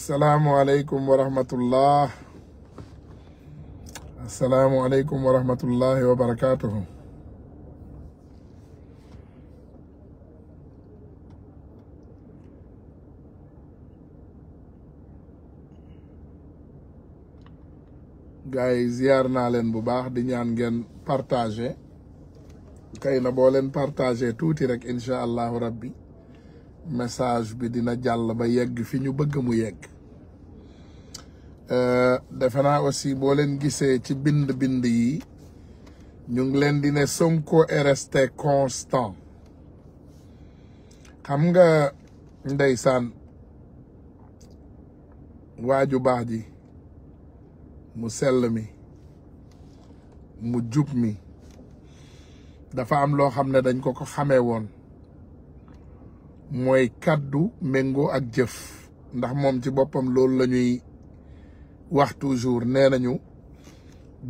asalaamualeykum wa rahmatullah asalaamualeykum wa rahmatullahi wa barakatuhu gars yi ziar naa leen bu baax di ñaan ngeen partager kay na boo leen partager tuuti rek incha allahu rabbi message bi dina jàll ba yegg fi ñu bëgg mu yegg euh, defe naa aussi boo leen gisee ci bind-bind yi ñu ngi leen dine ne Sonko est constant xam nga ndeysaan waaju baax ji mu sell mi mu jub mi dafa am loo xam ne dañ ko ko xamee woon mooy kàddu méngoo ak jëf ndax moom ci boppam loolu la ñuy wax toujours nee nañu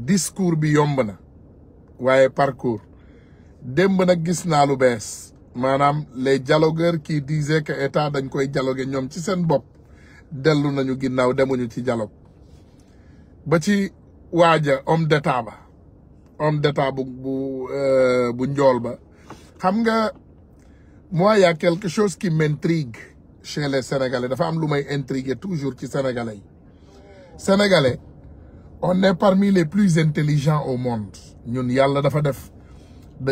discours bi yomb na waaye parcours démb nag gis naa lu bees maanaam les dialogueurs qui disaient que état dañ koy jaloge ñoom ci seen bopp dellu nañu ginnaaw demuñu ci dialogue ba ci waaja homme d'état ba homme d'état bu bu euh, bu njool ba xam nga moi y a quelque chose qui m'intrigue chez les sénégalais dafa am lu may intriguer toujours ci sénégalais yi sénégalais on est parmi les plus intelligents au monde ñun yàlla dafa def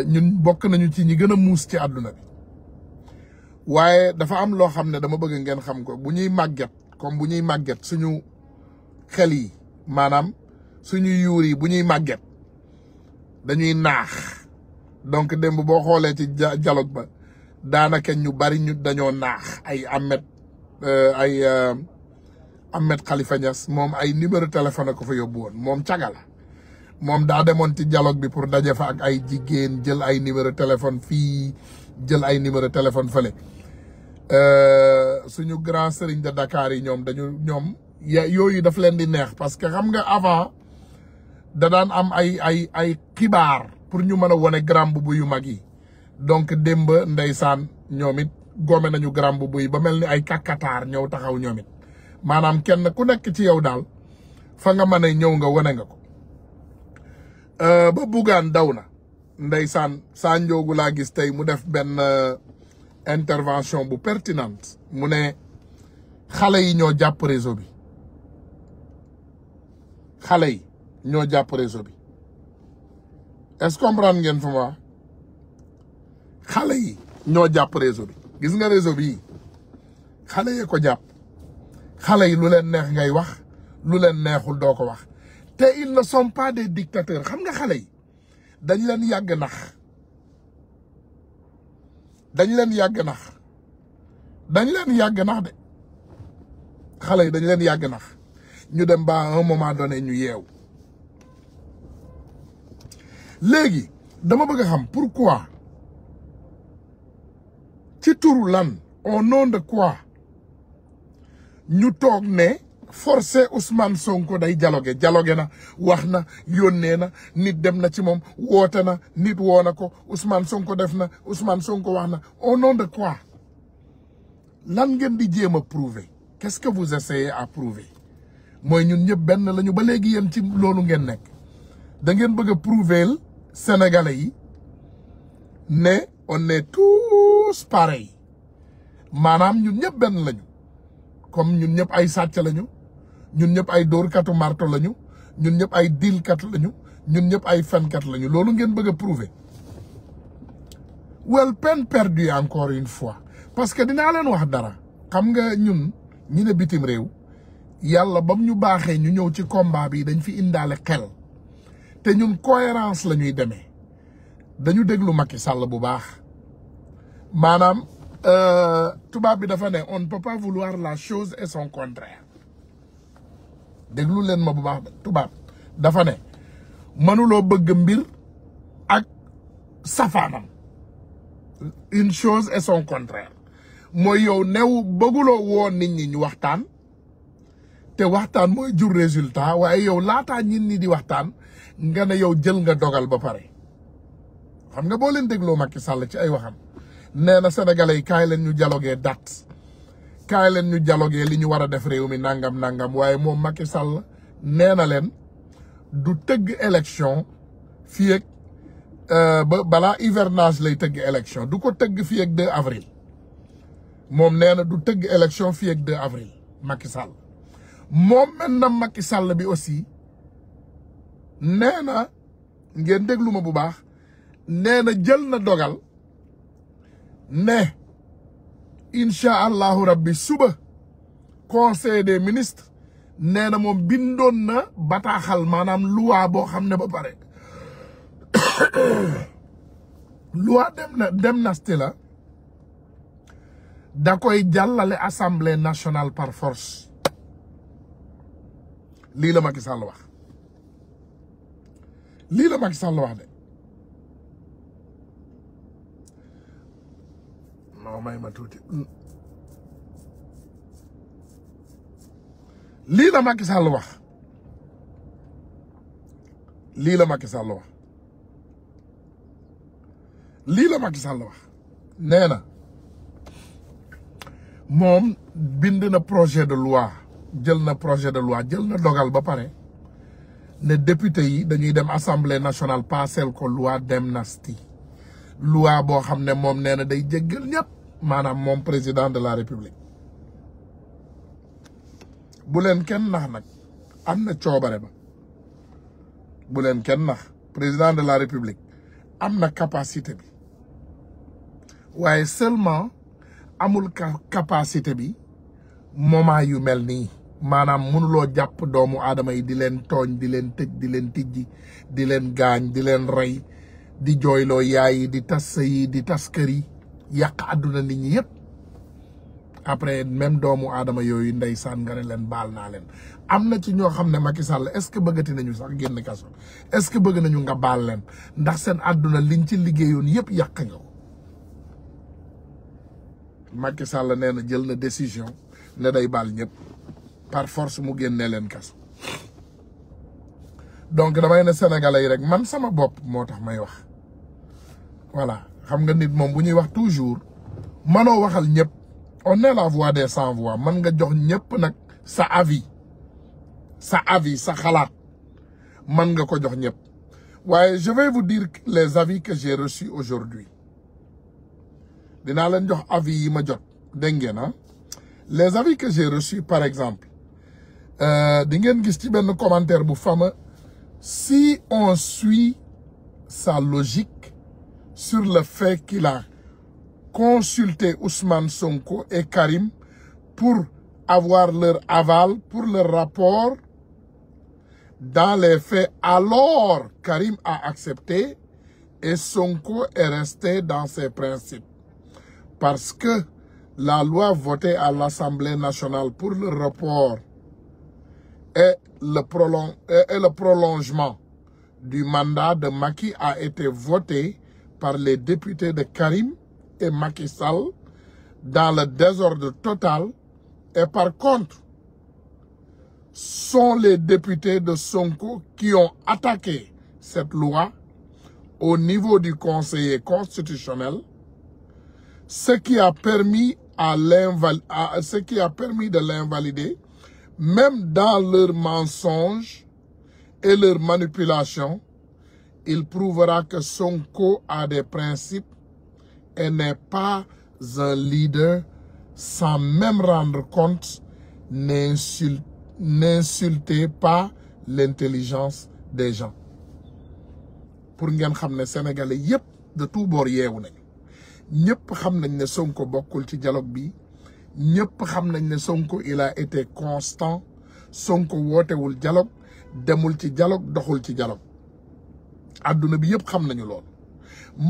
ñun bokk nañu ci ñi gën a muus ci àdduna bi waaye dafa am loo xam ne dama bëgg ngeen xam ko bu ñuy màgget comme bu ñuy màgget suñu xel yi maanaam suñu yuur yi bu ñuy màgget dañuy naax donc démb boo xoolee ci dialogue ba daanaka ñu bari ñu dañoo naax ay Ahmed eh, ay eh, Ahmed Khalifa Niass moom ay numéro téléphone ko fa yóbbu woon moom caga moom daa demoon ci dialogue bi pour daje fa ay jigéen jël ay numéro téléphone fii jël ay numéro téléphone fële eh, suñu grand sëriñ de Dakar yi ñoom dañu ñoom yooyu daf leen di neex parce que xam nga avant da daan am ay ay ay xibaar pour ñu mën a wone grand bubu yu mag yi donc démb ndeysaan ñoom it goome nañu garam bu buy ba mel ni ay kàkkataar ñëw taxaw ñoom maanaam kenn ku nekk ci yow daal fa nga mën ñëw nga wane nga ko euh, ba bugaan daw na ndeysaan saa njoogu laa gis tey mu def benn euh, intervention bu pertinente mu ne xale yi ñoo jàpp réseau bi xale yi ñoo jàpp réseau bi est-ce comprendre ngeen fa xale yi ñoo jàpp réseau gis nga réseau bi xale yi ko jàpp xale yi lu leen neex ngay wax lu leen neexul doo ko wax te ils ne sont pas des dictateurs xam nga xale yi dañ leen yàgg nax dañ leen yàgg nax dañ leen yàgg nax de xale yi dañ leen yàgg nax ñu dem ba un moment donné ñu yeew léegi dama bëgg a xam pourquoi ci turu lan au nom de quoi ñu toog ne forcé Ousmane Sonko day jaloge jaloge na wax na yónnee na nit dem na ci moom woote na nit woo na ko Ousmane Sonko def na Ousmane Sonko wax na au nom de quoi lan ngeen di jéem a prouver qu'est-ce que vous essayez à prouver mooy ñun ñëpp benn lañu ba léegi yéen ci loolu ngeen nekk da ngeen bëgg a prouver Sénégalais yi ne. on est tous pareils maanaam ñun ñëpp benn lañu comme ñun ñëpp ay sàcc lañu ñun ñëpp ay dóorkatu marto lañu ñun ñëpp ay diilkat lañu ñun ñëpp ay fenkat lañu loolu ngeen bëgg a prouver wel peine perdue encore une fois parce que dinaa leen wax dara xam nga ñun ñi ne bitim réew yàlla ba mu ñu baaxee ñu ñëw ci combat bi dañ fi indaale xel te ñun cohérence la ñuy demee dañu déglu mag Macky Sall bu baax maanaam euh, tubaab bi dafa ne on ne vouloir la chose et son contraire déglu leen ma bu baax tubaab dafa ne mënuloo bëgg mbir ak safaanam une chose et son contraire mooy yow new bëgguloo woon nit ñi ñu waxtaan te waxtaan mooy jur résultat waaye yow laataa nit nii di waxtaan nga ne yow jël nga dogal ba pare xam nga boo leen dégloo Macky Sall ci ay waxam nee na sénégalais yi kaay leen ñu jalogee dat kaay leen ñu dialogué li ñu war a def réew mi nangam nangam waaye moom Macky Sall nee na leen du tëgg élection fii ak euh, ba balaa hivernage lay tëgg élection du ko tëgg fii ak 2 avril moom nee na du tëgg élection fii ak 2 avril Macky Sall moom maintenant Macky sàll bi aussi nee na ngeen déglu ma bu baax nee na jël na dogal. ne incha allahu rabbi suba conseil de ministre nee na moom bindoon na bataaxal maanaam loi boo xam ne ba pare loi dem na dem nasti la da koy jàllale assemblée nationale par force lii la Macky Sall wax lii la Macky Sall wax de non may ma tuuti mm. lii la Macky Sall wax lii la Macky Sall wax lii la Macky nee na moom bind na projet de loi jël na projet de loi jël na dogal ba pare ne député yi dañuy dem assemblée nationale passer ko loi d'amnistie loi boo xam ne moom nee na day jéggal ñëpp maanaam moom président de la république bu leen kenn nax nag am na coobare ba bu leen kenn nax président de la république am na capacité bi waaye seulement amul capacité bi moment yu mel nii maanaam mënuloo jàpp doomu aadama yi di leen tooñ di leen tëj di leen tijji di leen gaañ di leen rey di jooyloo yaay yi di tas sëy di tas kër yi yàq àdduna nit ñi yëpp après même doomu aadama yooyu ndeysaan nga ne leen baal naa leen am na ci ñoo xam ne Macky Sall est-ce que bëggati nañu sax génn kaso est-ce que bëgg nañu nga baal leen ndax seen àdduna liñ ci liggéeyoon yëpp yàq nga ko Macky Sall nee na jël na décision ne day baal ñëpp par force mu génnee leen kaso donc damay ne sénégalais yi rek man sama bopp moo tax may wax voilà xam nga nit moom bu ñuy wax toujours manoo waxal ñëpp on ne la voix des sans voix man nga jox ñëpp nag sa avis sa avis sa xalaat man nga ko jox ñëpp waaye je vais vous dire les avis que j'ai reçus aujourd'hui dinaa leen jox avis yi ma jot dégg ngeen ah les avis que j'ai reçus par exemple euh, di ngeen gis ci benn commentaire bu fameux si on suit sa logique sur le fait qu'il a consulté Ousmane Sonko et Karim pour avoir leur aval, pour leur rapport. Dans les faits, alors Karim a accepté et Sonko est resté dans ses principes. Parce que la loi votée à l'Assemblée nationale pour le report et le, prolongement du mandat de Maki a été votée par les députés de Karim et Macky Sall dans le désordre total et par contre sont les députés de Sonko qui ont attaqué cette loi au niveau du conseiller constitutionnel, ce qui a permis, à à, ce qui de l'invalider, même dans leurs mensonges et leurs manipulations, il prouvera que Sonko a des principes et n'est pas un leader sans même rendre compte, n'insultez pas l'intelligence des gens. pour ngeen xam ne sénégalais yëpp de tout bord yeewu nañu ñëpp xam nañ ne Sonko bokkul ci jalog bi ñëpp xam nañ ne Sonko il a été constant Sonko wootewul dialogue demul ci jalog doxul ci dialogue àdduna bi yëpp xam nañu lool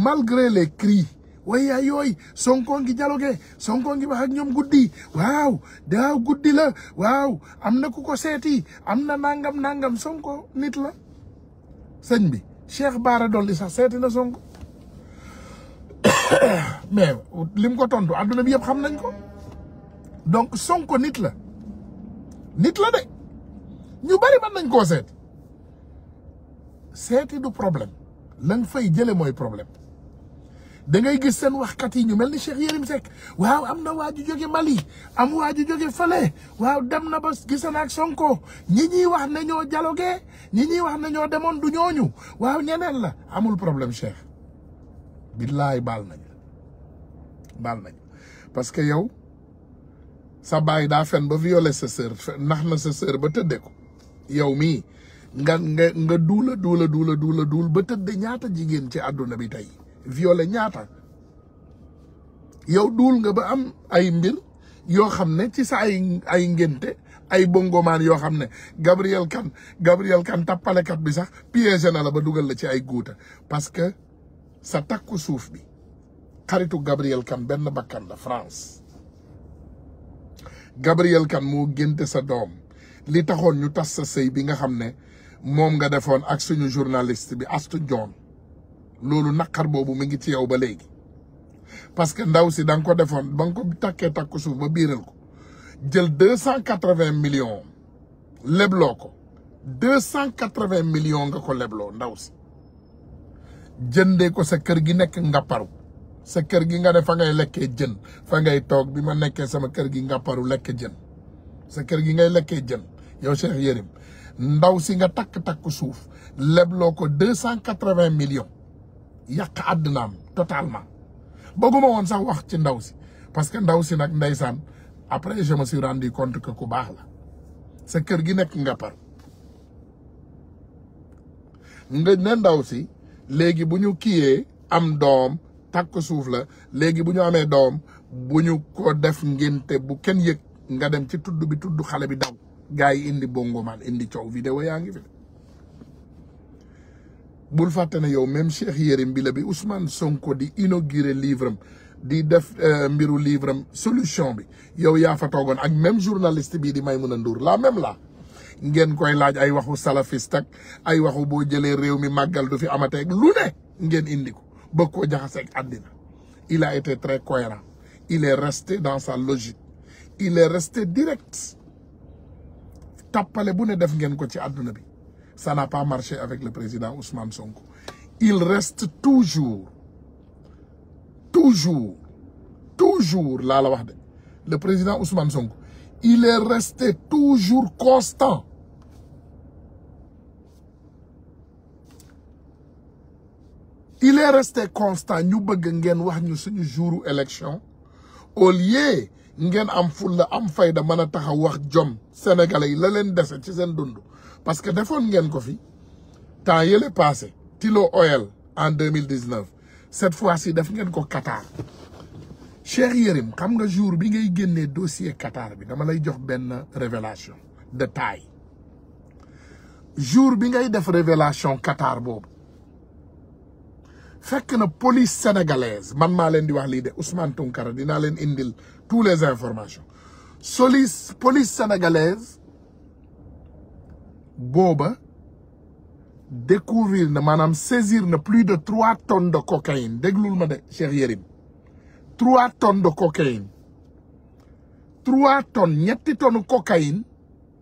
malgré les cris waaye yaay yooyu Sonko ngi dialogué Sonko gi wax ak ñoom guddi waaw daaw guddi la waaw am na ku ko seeti am na nangam nangam Sonko nit la sëñ bi Cheikh Bara Dolly sax seeti na Sonko mais lim ko tontu àdduna bi yëpp xam nañ ko donc Sonko nit la nit la de ñu bari mën nañ koo seet seeti du problème lan fay jële mooy problème da ngay gis seen waxkat yi ñu mel ni Cheikh Yérim Seck waaw am na waa ju jóge Mali am waa ju jóge fële waaw dem na ba gise na ak Sonko ñi ñuy wax ne ñoo dialogué ñi ñuy wax ne ñoo demoon du ñooñu waaw ñeneen la amul problème Cheikh billaay baal nañ baal nañ parce que yow sa baay daa fen ba violé sa sœur nax na sa sœur ba tëddee ko yow mii nga nga nga duula duula duula duula duul ba tëdd ñaata jigéen ci àdduna bi tey violé ñaata yow duul nga ba am ay mbir yoo xam ne ci sa ay ay ngénte ay bongomaan yoo xam ne Gabriel Kane Gabriel Kane tappalekat bi sax piégé na la ba dugal la ci ay guuta parce que sa takku suuf bi xaritu Gabriel Kane benn bakkan la France Gabriel kan moo génte sa doom li taxoon ñu tas sa sëy bi nga xam ne moom nga defoon ak suñu journaliste bi Astou Dione loolu naqar boobu mu ngi ci yow ba léegi parce que ndaw si da nga ko defoon ba nga ko takkee takku suuf ba biiral ko jël deux cent quatre vingt millions lebloo ko deux cent quatre vingt millions nga ko lebloo ndaw si jën de ko sa kër gi nekk Ngaparou sa kër gi nga ne fa ngay lekkee jën fa ngay toog bi ma nekkee sama kër gi Ngaparou lekk jën sa kër gi ngay lekkee jën yow Cheikh Yérim ndaw si nga takk-takk suuf lebloo ko deux cent quatre-vingts millions yàq àddunaam totalement bëgguma woon sax wax ci ndaw si parce que ndaw si nag ndeysaan après je me suis rendu compte que ku baax la sa kër gi nekk nga par nga ndaw si léegi bu ñu kiiyee am doom takk suuf la léegi bu ñu amee doom bu ñu ko def ngénte bu kenn yëg nga dem ci tudd bi tudd xale bi daw gaa yi indi bongo man indi coow vidéo yaa ngi fi bul fàtte ne yow même Cheikh mbila bi la bi Ousmane Sonko di inauguré livre am di def euh, mbiru livre am solution bi yow yaa fa toogoon ak même journaliste bii di may a Ndour la même la ngeen koy laaj ay waxu salafiste ak ay waxu boo jëlee réew mi màggal du fi amateeg lu ne ngeen indi ko bëgg koo jaxaseeg àddina il a été très cohérent il est resté dans sa logique il est resté direct tappale bu ne def ngeen ko ci àdduna bi ça n'a pas marché avec le président Ousmane Sonko il reste toujours toujours toujours laa la wax de le président Ousmane Sonko il est resté toujours constant il est resté constant ñu bëgg ngeen wax ñu suñu jouru élection au lieu ngeen am la am fayda mën a taxaw wax jom sénégalais yi la leen dese ci seen dund parce que defoon ngeen ko fi temps yële passé Tilo Oil en deux mille dix neuf cette fois si def ngeen ko Qatar Cheikh Yérim xam nga jour bi ngay génnee dossier Qatar bi dama lay jox benn révélation de taille jour bi ngay def révélation Qatar boobu fekk na police sénégalaise man maa leen di wax lii de Ousmane Tounkara dinaa leen indil tous les informations solis police sénégalaise booba découvrir na maanaam saisir na plus de trois tonne de cocaïne déglul ma de Cheikh Yérim trois tonnes de cocaïne trois tonnes ñetti tonnes cocaïne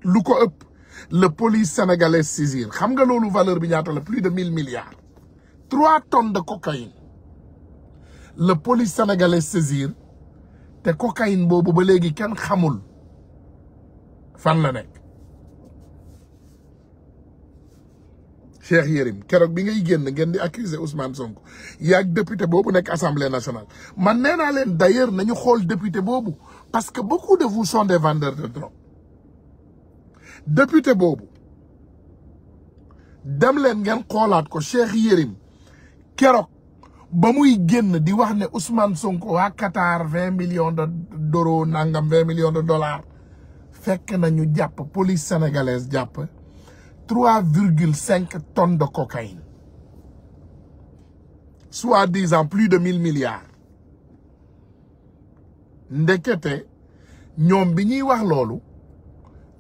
lu ko ëpp le police sénégalaise saisir xam nga loolu valeur bi ñaata la plus de mille milliards trois tonnes de cocaïne le police sénégalais saisir te cocaïne boobu ba léegi kenn xamul fan la nekk Cheikh Yérim keroog bi ngay génn ngeen di accuser Ousmane Sonko yaag député boobu nekk assemblée nationale man nee leen d'ailleurs nañu xool député boobu parce que beaucoup de vous sont des vendeurs de drogue député boobu dem leen ngeen xoolaat ko Cheikh Yérim keroog ba muy génn di wax ne Ousmane Sonko waa Qatar vingt millions de d'euros nangam vingt millions de dollars fekk ñu jàpp police sénégalaise jàpp trois virgule cinq tonnes de cocaïne soi-disant plus de mille milliards ndekete ñoom bi ñuy wax loolu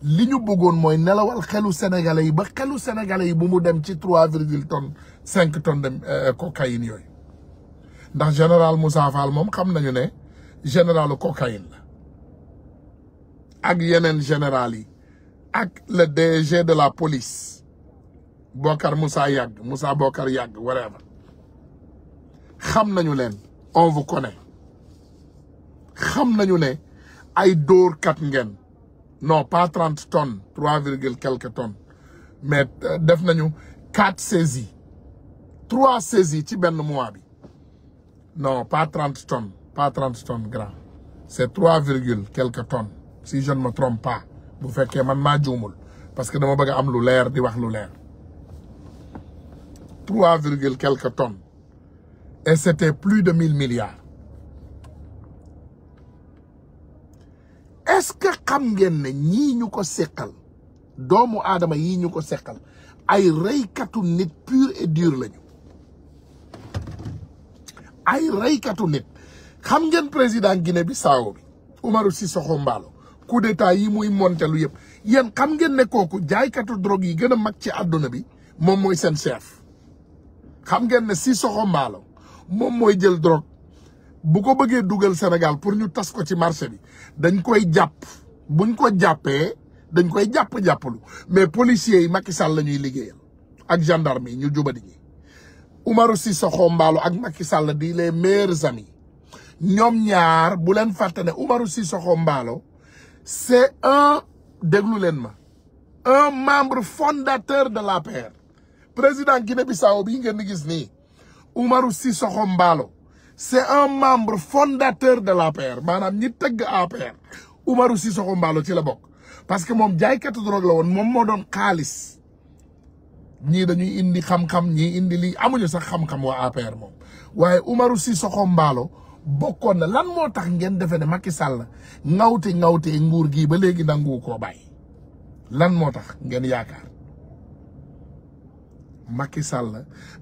li ñu bëggoon mooy nelawal xelu sénégalais yi ba xelu sénégalais yi bu mu dem ci trois virgule tonnes cinq tonnes de euh, cocaïne yooyu ndax général Moussa Fall moom xam nañu ne généralu cocaïne la ak yeneen général yi ak le DG de la police Bokar Moussa Yàgg mussa Bokar Yàgg whatever xam nañu leen on vous connaît xam nañu ne ay dóorkat ngeen non pas trente tonnes trois virgule quelques tonnes mais euh, def nañu quatre saisies trois saisies ci benn mois bi non pas trente tonnes pas trente tonnes grand c'est trois virgule quelques tonnes si je ne me bu fekkee man maa juumul parce que dama bëgg am lu leer di wax lu leer trois virgule quelques tonnes et c'était plus de mille milliards est-ce que xam ngeen ne ñii ñu ko seqal doomu aadama yii ñu ko seqal ay reykatu nit pur et dur lañu ay reykatu nit xam ngeen président Guinée saawo bi Umaru Sissoco Embaló coup d'état yi muy montelu yëpp yéen xam ngeen ne kooku jaaykatu drogue yi gën a mag ci àdduna bi moom mooy seen chef xam ngeen ne Sissoco Embaló moom mooy jël drogue bu ko bëggee dugal Sénégal pour ñu tas ko ci marché bi dañ koy jàpp buñ ko jàppee dañ koy jàpp jàppalu mais policiers yi Macky Sall la ñuy liggéeyal ak gendarme yi ñu jubadi ñi Umaru Sissoko Embaló ak Macky Sall di les meilleurs amis ñoom ñaar bu leen fàtte ne Umaru Sissoko Embaló c'est un déglu leen ma un membre fondateur de l'APR président ki Guinée-Bissau bii ngeen di gis nii Umaru Sissoko Embaló c'est un membre fondateur de l'APR maanaam ñi tëgg APR Umaru Sissoko Embaló ci la bokk parce que moom jaaykatu drogue la woon moom moo doon xaalis ñii dañuy indi xam-xam ñii indi lii amuñu sax xam-xam waa APR moom waaye Umaru Sissoco Embaló bokkoon na lan moo tax ngeen defee ne makki Sall ngawte ngawte nguur gii ba léegi nangu koo bàyyi lan moo tax ngeen yaakaar Macky Sall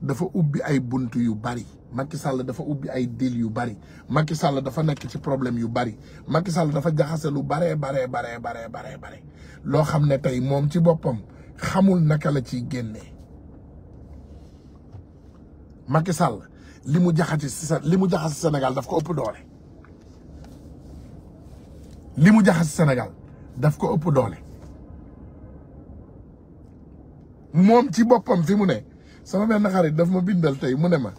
dafa ubbi ay bunt yu bari Macky Sall dafa ubbi ay deal yu bari makki Sall dafa nekk ci problème yu bari makki sàll dafa jaxase lu baree baree baree baree baree loo xam ne tey moom ci boppam. xamul naka la ci génnee Macky Sall li mu jaxati si li mu jaxasi Sénégal daf ko ëpp doole li mu jaxasi senegal daf ko ëpp doole moom ci boppam fi mu ne sama benn xarit daf ma bindal tey mu ne ma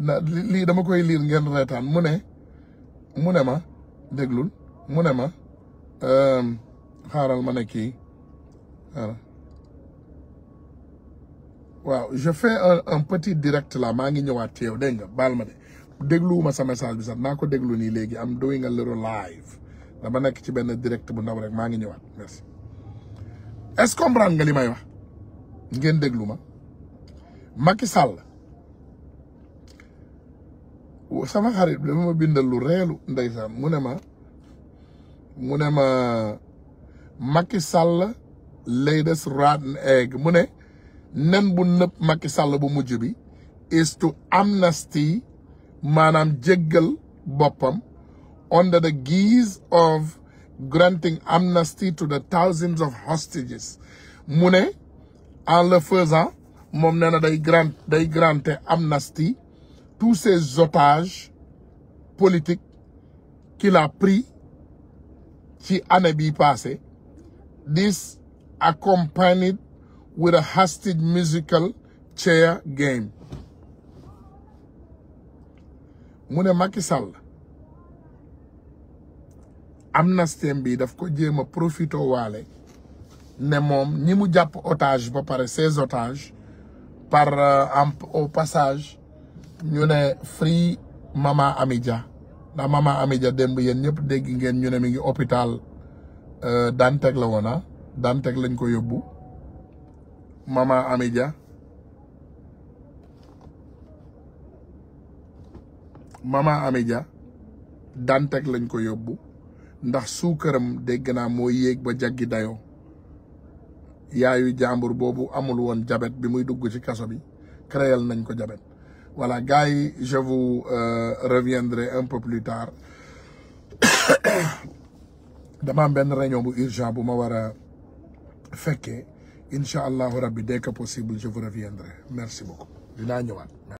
na lii dama koy liir ngeen reetaan mu ne mu ne ma déglul mu ne ma euh, xaaral ma ne kii waaw je fais un un petit direct là maa ngi ñëwaat ci yow dégg nga baal ma de dégluwuma sa message bi sax naa ko déglu nii léegi am doing a little live dama nekk ci benn direct bu ndaw rek maa ngi ñëwaat merci est-ce comprendre nga li may wax ngeen déglu ma Macky Sall sama xarit bi dafa ma bindal lu reelu ndeysaan mu ne ma mu ne ma Macky Sall latest rotten egg mu ne nen bu nëb Macky Sall bu mujj bi is to amnesty maanaam jéggal boppam under the guise of granting amnesty to the thousands of hostages mu ne en le faisant moom nee na day grante day granter amnesty tous ces otages politiques qu'il a ci année bi passé this accompanied with a hostage musical chair game mu ne Macky Sall amnistie bi daf ko jéem a profité waale ne moom ñi mu jàpp otage ba pare ses otages par euh, en au passage ñu ne Free Mama Amidia ndax Mama dem démb yéen ñëpp dégg ngeen ñu ne mi ngi hôpital euh, Dantec la woon ah Dantec lañ ko yóbbu. Mama Amidia Mama Amidia Dantec lañ ko yóbbu ndax suukaram dégg naa moo yéeg ba jaggi dayoo yaayu jàmbur boobu amul woon jabet bi muy dugg ci kaso bi créel nañ ko jabet voilà gars yi je vous euh, reviendrai un peu plus tard dama am benn réunion bu urgent bu ma war a fekkee incha allahu rabbi dès que possible je vous reviendrai merci beaucoup dinaa ñëwaat.